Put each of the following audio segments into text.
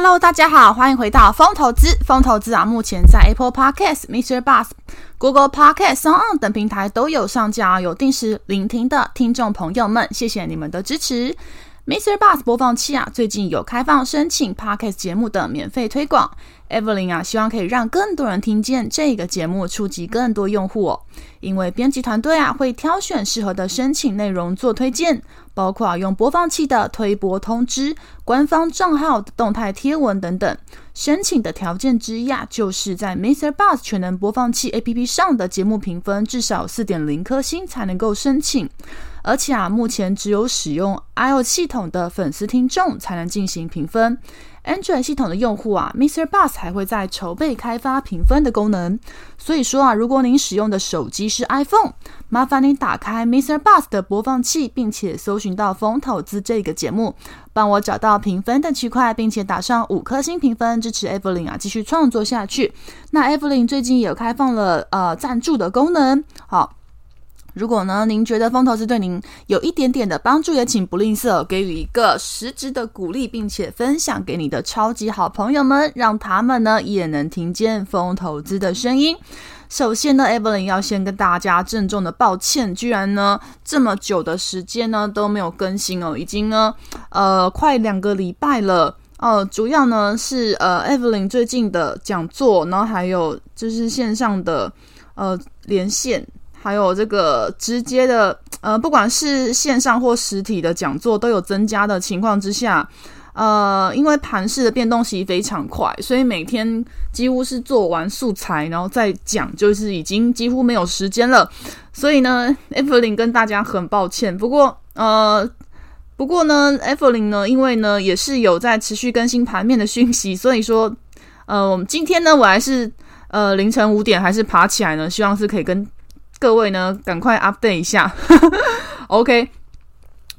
Hello，大家好，歡迎回到瘋投資。瘋投資啊，目前在 Apple Podcast、Mr. Bus、Google Podcast、SoundOn 等平台都有上架，啊，有定時聆聽的聽眾朋友們，謝謝你們的支持。Mr. Bus 播放器啊，最近有開放申請 Podcast 節目的免費推廣。Evelyn 啊，希望可以讓更多人聽見這個節目，觸及更多用戶，哦。因為編輯團隊啊，會挑選適合的申請內容做推薦。包括啊，用播放器的推播通知、官方賬號的動態貼文等等。申請的條件之一啊，就是在 MixerBox 全能播放器 A P P 上的節目評分至少四點零顆星才能夠申請。而且啊，目前只有使用 iOS 系統的粉絲聽眾才能進行評分。Android 系統的用戶啊，Mr. Bus 還會在籌備開發評分的功能。所以說啊，如果您使用的手機是 iPhone，麻煩您打開 Mr. Bus 的播放器，並且搜尋到“瘋投資”這個節目，幫我找到評分的區塊，並且打上五顆星評分，支持 Evelyn 啊，繼續創作下去。那 Evelyn 最近也有開放了呃贊助的功能，好。如果呢，您覺得瘋投資對您有一點點的幫助，也請不吝嗇給予一個實質的鼓勵，並且分享給你的超級好朋友們，讓他們呢也能聽見瘋投資的聲音。首先呢，Evelyn 要先跟大家鄭重的抱歉，居然呢這麼久的時間呢都沒有更新哦，已經呢呃快兩個禮拜了，呃，主要呢是呃 Evelyn 最近的講座，然後還有就是線上的呃連線。還有這個直接的，呃，不管是線上或實體的講座都有增加的情況之下，呃，因為盤勢的變動性非常快，所以每天幾乎是做完素材然後再講，就是已經幾乎沒有時間了。所以呢，Evelyn 跟大家很抱歉。不過，呃，不過呢，Evelyn 呢，因為呢也是有在持續更新盤面的訊息，所以說，呃，我們今天呢，我還是呃凌晨五點還是爬起來呢，希望是可以跟。各位呢，趕快 update 一下 ，OK。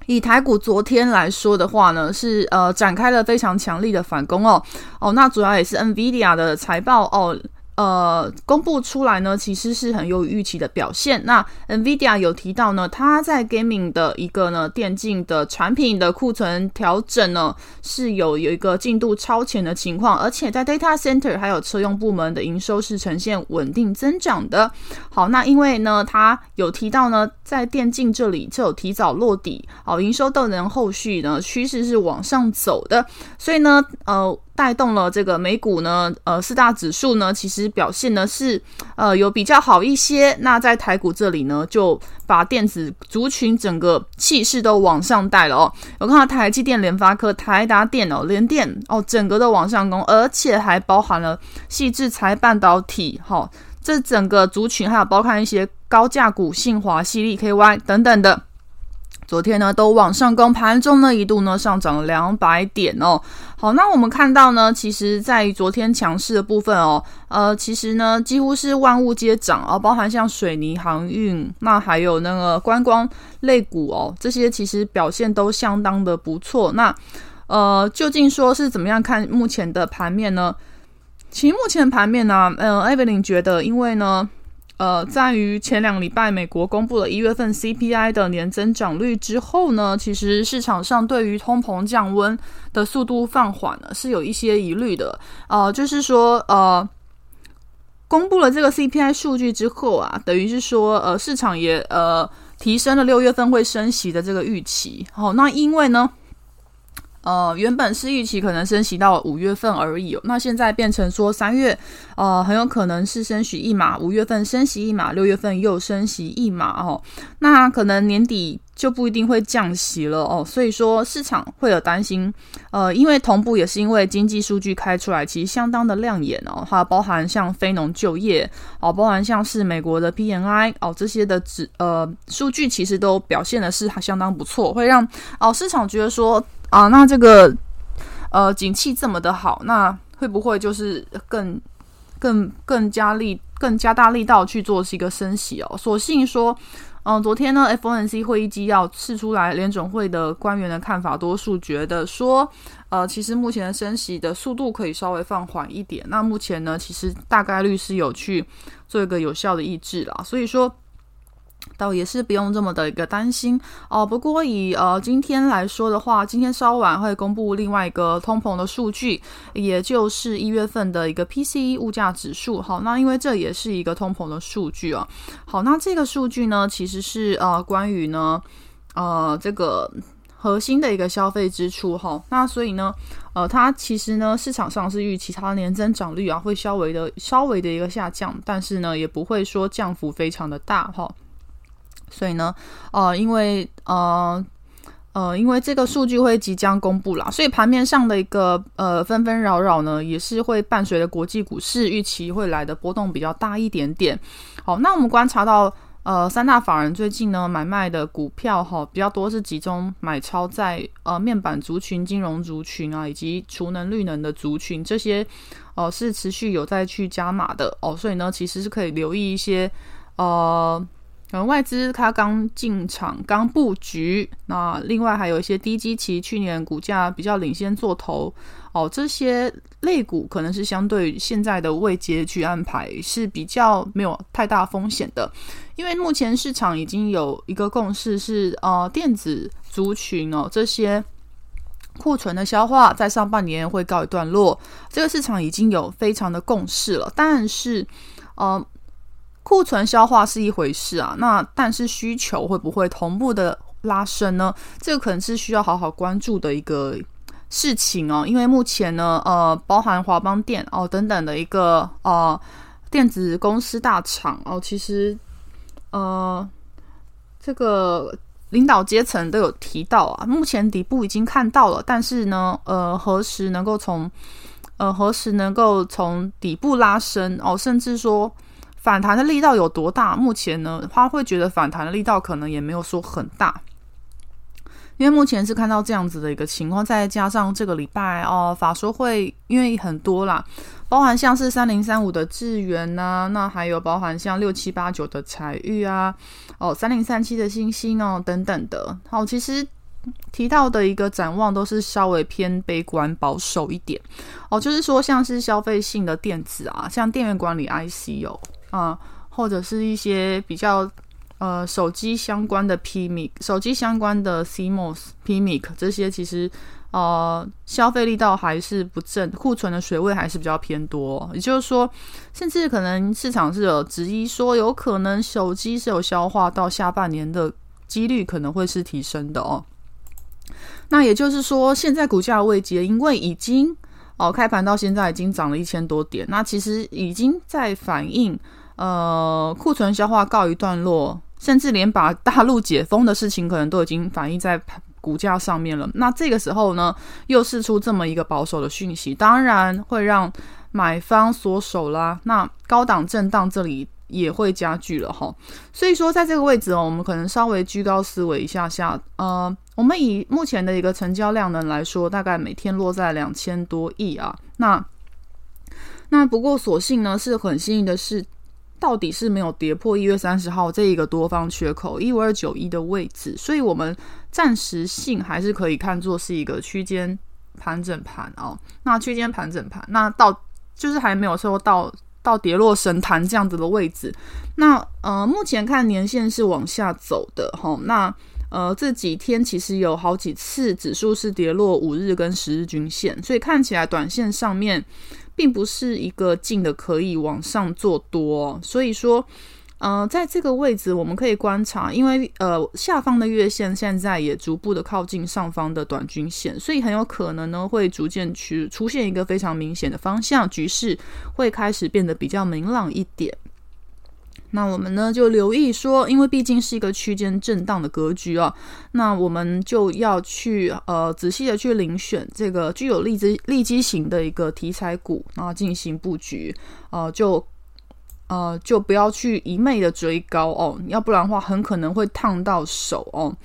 以台股昨天來說的話呢，是呃展開了非常強力的反攻哦，哦，那主要也是 NVIDIA 的財報哦。呃，公布出來呢，其實是很有預期的表現。那 Nvidia 有提到呢，它在 gaming 的一個呢電競的產品的庫存調整呢是有有一個進度超前的情況，而且在 data center 還有車用部門的營收是呈現穩定增長的。好，那因為呢，它有提到呢。在電競這裡就有提早落底哦，營收動能後續呢趨勢是往上走的，所以呢，呃，帶動了這個美股呢，呃，四大指數呢其實表現呢是呃有比較好一些。那在台股這裡呢，就把電子族群整個氣勢都往上帶了哦。我看到台積電、聯發科、台達電、哦、聯電哦，整個都往上攻，而且還包含了矽智財半導體，哈、哦，這整個族群還有包含一些。高價股信驊、矽力 -KY 等等的，昨天呢都往上攻，盤中呢一度呢上漲了兩百點哦。好，那我們看到呢，其實在昨天強勢的部分哦，呃，其實呢幾乎是萬物皆漲哦，包含像水泥、航運，那還有那個觀光類股哦，這些其實表現都相當的不錯。那呃，究竟說是怎麼樣看目前的盤面呢？其實目前盤面呢、啊，嗯、呃、，Evelyn 覺得，因為呢。呃，在於前兩禮拜，美國公布了一月份 CPI 的年增長率之後呢，其實市場上對於通膨降溫的速度放緩了，是有一些疑慮的。呃，就是說，呃，公布了這個 CPI 數據之後啊，等於是說，呃，市場也呃提升了六月份會升息的這個預期。好，那因為呢。呃，原本是預期可能升息到五月份而已哦，那現在變成說三月，呃，很有可能是升息一碼，五月份升息一碼，六月份又升息一碼哦。那可能年底就不一定會降息了哦。所以說市場會有擔心，呃，因為同步也是因為經濟數據開出來其實相當的亮眼哦，它包含像非農就業哦，包含像是美國的 PMI 哦這些的指呃數據其實都表現的是相當不錯，會讓哦市場覺得說。啊，那這個，呃，景氣這麼的好，那會不會就是更、更、更加力、更加大力道去做是一個升息哦？所幸說，嗯、呃，昨天呢，FOMC 會議紀要釋出來，聯準會的官員的看法，多數覺得說，呃，其實目前的升息的速度可以稍微放緩一點。那目前呢，其實大概率是有去做一個有效的抑制啦，所以說。倒也是不用這麼的一個擔心哦、呃。不過以呃今天來說的話，今天稍晚會公布另外一個通膨的數據，也就是一月份的一個 PCE 物價指數。好，那因為這也是一個通膨的數據啊。好，那這個數據呢，其實是呃關於呢呃這個核心的一個消費支出哈。那所以呢，呃它其實呢市場上是預期它年增長率啊會稍微的稍微的一個下降，但是呢也不會說降幅非常的大哈。好所以呢，呃，因為呃，呃，因為這個數據會即將公布啦。所以盤面上的一個呃紛紛擾擾呢，也是會伴隨着國際股市預期會來的波動比較大一點點。好，那我們觀察到，呃，三大法人最近呢買賣的股票哈比較多，是集中買超在呃面板族群、金融族群啊，以及儲能、綠能的族群這些，哦、呃，是持續有在去加碼的哦。所以呢，其實是可以留意一些，呃。呃，外資它剛進場，剛布局。那另外還有一些低基期，去年股價比較領先做頭哦，這些類股可能是相對現在的位階去安排是比較沒有太大風險的。因為目前市場已經有一個共識是，呃，電子族群哦這些庫存的消化在上半年會告一段落，這個市場已經有非常的共識了。但是，呃。庫存消化是一回事啊，那但是需求會不會同步的拉升呢？這個可能是需要好好關注的一個事情哦。因為目前呢，呃，包含華邦電哦等等的一個呃電子公司大廠哦，其實呃這個領導階層都有提到啊。目前底部已經看到了，但是呢，呃，何時能夠從呃何時能夠從底部拉升哦，甚至說。反彈的力道有多大？目前呢，他會覺得反彈的力道可能也沒有說很大，因為目前是看到這樣子的一個情況，再加上這個禮拜哦，法說會因為很多啦，包含像是三零三五的智原吶、啊，那還有包含像六七八九的采鈺啊，哦三零三七的欣興哦等等的。好、哦，其實提到的一個展望都是稍微偏悲觀保守一點哦，就是說像是消費性的電子啊，像電源管理 IC 哦。啊、嗯，或者是一些比較呃手機相關的 PMIC、手機相關的 CMOS、PMIC 這些，其實呃消費力道還是不振，庫存的水位還是比較偏多哦。也就是說，甚至可能市場是有質疑說，說有可能手機是有消化到下半年的幾率，可能會是提升的哦。那也就是說，現在股價位階，因為已經。哦，開盤到現在已經漲了一千多點，那其實已經在反映，呃，庫存消化告一段落，甚至連把大陸解封的事情可能都已經反映在股價上面了。那這個時候呢，又釋出這麼一個保守的訊息，當然會讓買方縮手啦。那高檔震盪這裡。也會加劇了哈，所以說在這個位置我們可能稍微居高思維一下下，呃，我們以目前的一個成交量呢來說，大概每天落在兩千多億啊，那那不過所幸呢是很幸運的是，到底是沒有跌破一月三十號這一個多方缺口一五二九一的位置，所以我們暫時性還是可以看作是一個區間盤整盤哦，那區間盤整盤，那到就是還沒有說到。到跌落神壇這樣子的位置，那呃，目前看年線是往下走的吼、哦，那呃，這幾天其實有好幾次指數是跌落五日跟十日均線，所以看起來短線上面並不是一個近的可以往上做多、哦，所以說。嗯、呃，在這個位置，我們可以觀察，因為呃，下方的月線現在也逐步的靠近上方的短均線，所以很有可能呢，會逐漸去出現一個非常明顯的方向，局勢會開始變得比較明朗一點。那我們呢，就留意說，因為畢竟是一個區間震盪的格局啊，那我們就要去呃，仔細的去遴選這個具有利基利基型的一個題材股，然後進行布局，呃，就。呃，就不要去一昧的追高哦，要不然的話很可能會燙到手哦。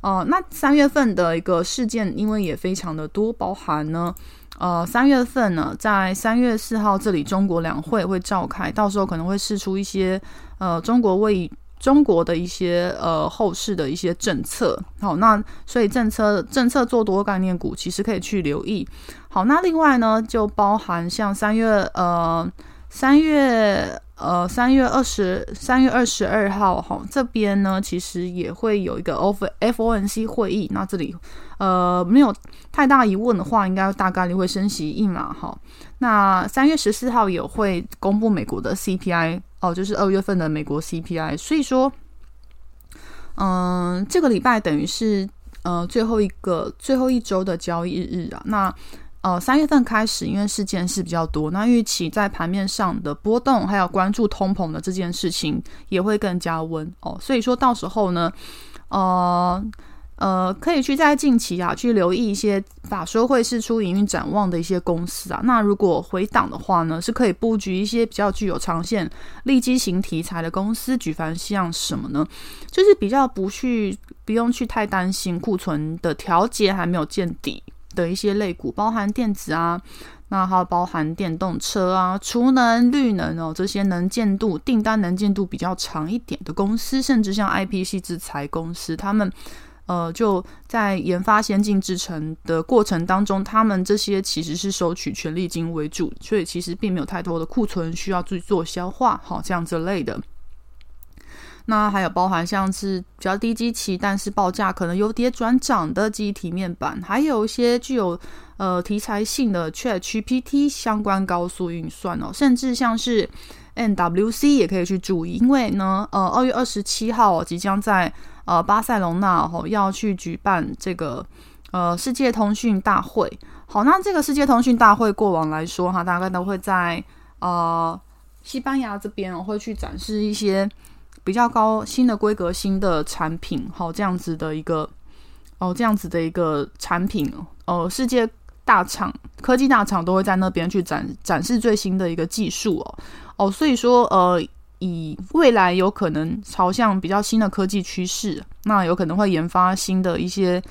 呃，那三月份的一個事件，因為也非常的多，包含呢，呃，三月份呢，在三月四號這裡，中國兩會會召開，到時候可能會釋出一些呃，中國為中國的一些呃後市的一些政策。好，那所以政策政策做多概念股，其實可以去留意。好，那另外呢，就包含像三月呃。三月呃，三月二十三月二十二號哈、哦，這邊呢其實也會有一個 FOMC 會議，那這裡呃沒有太大疑問的話，應該大概率會升息一碼哈、哦。那三月十四號也會公布美國的 CPI 哦，就是二月份的美國 CPI。所以說，嗯、呃，這個禮拜等於是呃最後一個最後一周的交易日啊，那。呃，三月份開始，因為事件是比較多，那預期在盤面上的波動，還有關注通膨的這件事情也會更加溫哦，所以說到時候呢，呃呃，可以去在近期啊，去留意一些法說會釋出營運展望的一些公司啊。那如果回檔的話呢，是可以佈局一些比較具有長線利基型題材的公司，舉凡像什麼呢？就是比較不去，不用去太擔心庫存的調節還沒有見底的一些類股，包含電子啊，那還有包含電動車啊，儲能、綠能哦，這些能見度訂單能見度比較長一點的公司，甚至像 IP 矽智財公司，他們呃就在研發先進製程的過程當中，他們這些其實是收取權利金為主，所以其實並沒有太多的庫存需要去做消化，好像這樣之類的。那還有包含像是比較低基期，但是報價可能由跌轉漲的記憶體、面板，還有一些具有呃題材性的 ChatGPT 相關高速運算哦，甚至像是 MWC 也可以去注意，因為呢，呃，二月二十七號即將在呃巴塞隆納吼要去舉辦這個呃世界通訊大會。好，那這個世界通訊大會過往來說哈，大概都會在呃西班牙這邊哦，會去展示一些。比較高新的規格，新的產品。好，這樣子的一個哦，這樣子的一個產品哦，世界大廠、科技大廠都會，在那邊去展展示最新的一個技術哦哦，所以說呃，以未來有可能朝向比較新的科技趨勢，那有可能會研發新的一些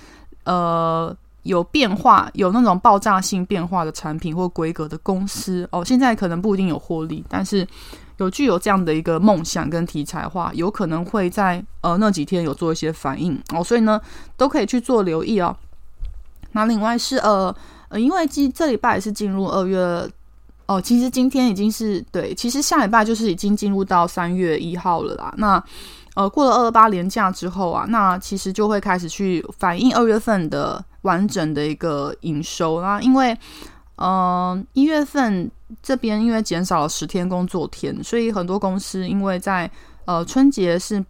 呃有變化，有那種爆炸性變化的產品或規格的公司哦，現在可能不一定有獲利，但是。有具有這樣的一個夢想跟題材的話，有可能會在呃那幾天有做一些反應哦，所以呢都可以去做留意哦。那另外是呃呃，因為今這禮拜是進入二月哦、呃，其實今天已經是對，其實下禮拜就是已經進入到三月一號了啦。那呃過了二二八連假之後啊，那其實就會開始去反映二月份的完整的一個營收啦，因為嗯，一、呃、月份。這邊因為減少了十天工作天，所以很多公司因為在呃春節是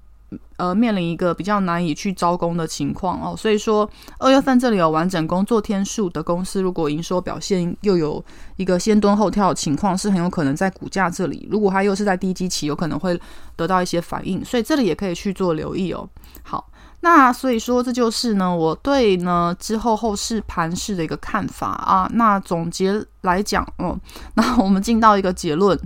呃面臨一個比較難以去招工的情況哦，所以說二月份這裡有完整工作天數的公司，如果營收表現又有一個先蹲後跳的情況，是很有可能在股價這裡，如果它又是在低基期，有可能會得到一些反應，所以這裡也可以去做留意哦。好。那所以說，這就是呢我對呢之後後市盤勢的一個看法啊。那總結來講，哦，那我們進到一個結論，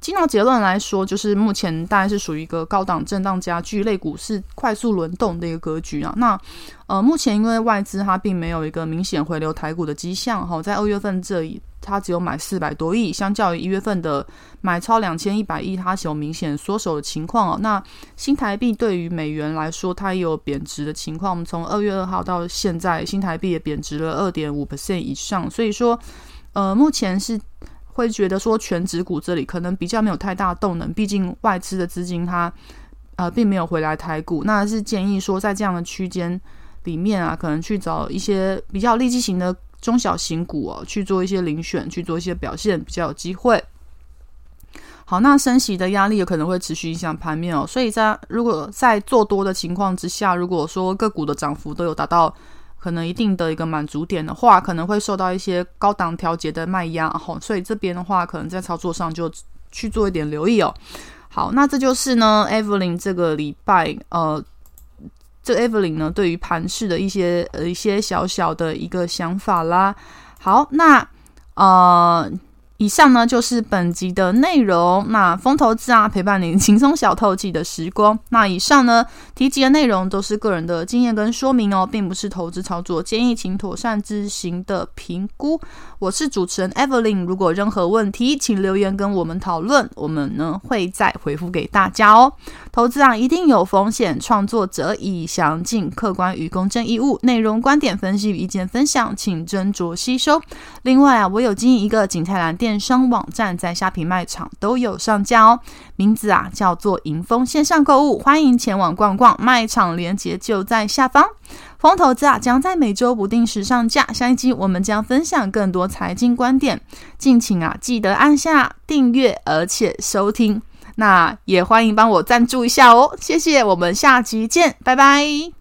進到結論來說，就是目前大概是屬於一個高檔震盪加劇類股市快速輪動的一個格局啊。那呃，目前因為外資它並沒有一個明顯回流台股的跡象，哈，在二月份這裡。它只有買四百多億，相較於一月份的買超兩千一百億，它是有明顯縮手的情況哦。那新台幣對於美元來說，它也有貶值的情況。我們從二月二號到現在，新台幣也貶值了二點五 percent 以上。所以說，呃，目前是會覺得說權值股這裡可能比較沒有太大動能，畢竟外資的資金它呃並沒有回來台股。那是建議說，在這樣的區間裡面啊，可能去找一些比較利基型的。中小型股哦，去做一些遴選，去做一些表現比較有機會。好，那升息的壓力有可能會持續影響盤面哦，所以在如果在做多的情況之下，如果說個股的漲幅都有達到可能一定的一個滿足點的話，可能會受到一些高檔調節的賣壓，吼、哦，所以這邊的話可能在操作上就去做一點留意哦。好，那這就是呢，Evelyn 這個禮拜呃。這 Evelyn 呢，對於盤勢的一些呃一些小小的一個想法啦。好，那呃。以上呢就是本集的內容。那瘋投資啊，陪伴您輕鬆小透氣的時光。那以上呢提及的內容都是個人的經驗跟說明哦，並不是投資操作建議，請妥善自行的評估。我是主持人 Evelyn，如果有任何問題，請留言跟我們討論，我們呢會再回復給大家哦。投資啊，一定有風險，創作者以詳盡、客觀與公正義務，內容、觀點、分析與意見分享，請斟酌吸收。另外啊，我有經營一個景泰藍店。電商網站在蝦皮賣場都有上架哦，名字啊叫做瑩豐線上購物，歡迎前往逛逛。賣場鏈接就在下方。瘋投資啊將在每周不定時上架，下一集我們將分享更多財經觀點，敬請啊記得按下訂閱而且收聽。那也歡迎幫我贊助一下哦，謝謝，我們下集見，拜拜。